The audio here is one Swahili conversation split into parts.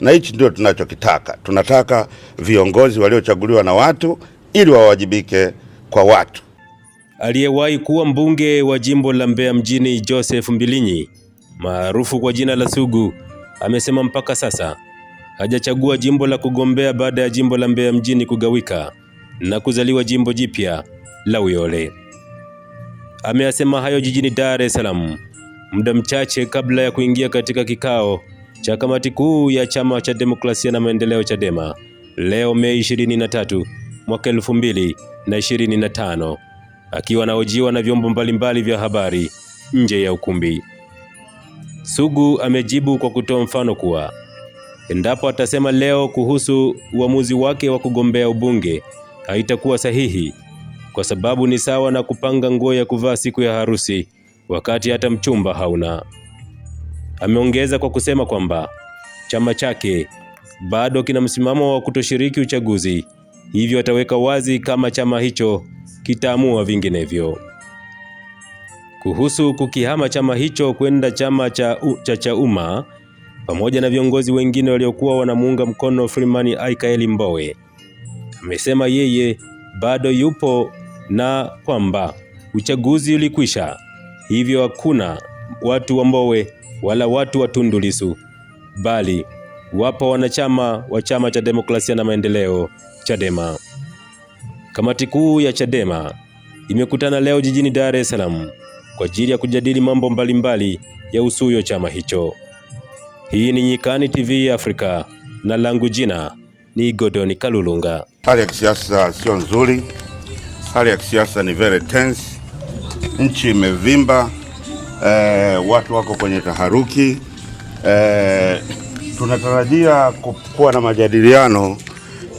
na hichi ndio tunachokitaka. Tunataka viongozi waliochaguliwa na watu ili wawajibike kwa watu. Aliyewahi kuwa mbunge wa jimbo la Mbeya mjini Joseph Mbilinyi maarufu kwa jina la Sugu amesema mpaka sasa hajachagua jimbo la kugombea baada ya jimbo la Mbeya mjini kugawika na kuzaliwa jimbo jipya la Uyole. Ameyasema hayo jijini Dar es Salaam muda mchache kabla ya kuingia katika kikao cha kamati kuu ya chama cha demokrasia na maendeleo Chadema leo Mei 23 mwaka 2025, akiwa anahojiwa na vyombo mbalimbali vya habari nje ya ukumbi. Sugu amejibu kwa kutoa mfano kuwa endapo atasema leo kuhusu uamuzi wake wa kugombea ubunge haitakuwa sahihi kwa sababu ni sawa na kupanga nguo ya kuvaa siku ya harusi wakati hata mchumba hauna. Ameongeza kwa kusema kwamba chama chake bado kina msimamo wa kutoshiriki uchaguzi, hivyo ataweka wazi kama chama hicho kitaamua vinginevyo. Kuhusu kukihama chama hicho kwenda chama cha cha umma pamoja na viongozi wengine waliokuwa wanamuunga mkono Freeman Aikaeli Mbowe, amesema yeye bado yupo na kwamba uchaguzi ulikwisha, hivyo hakuna watu wa Mbowe wala watu wa Tundu Lissu, bali wapo wanachama wa chama cha demokrasia na maendeleo Chadema. Kamati kuu ya Chadema imekutana leo jijini Dar es Salaam kwa ajili ya kujadili mambo mbalimbali ya usuyo chama hicho. Hii ni Nyikani TV Afrika na langu jina ni Godoni Kalulunga. Hali ya kisiasa sio nzuri, hali ya kisiasa ni very tense, nchi imevimba eh, watu wako kwenye taharuki eh, tunatarajia kuwa na majadiliano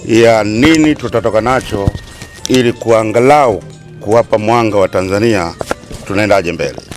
ya nini tutatoka nacho ili kuangalau kuwapa mwanga wa Tanzania tunaendaje mbele.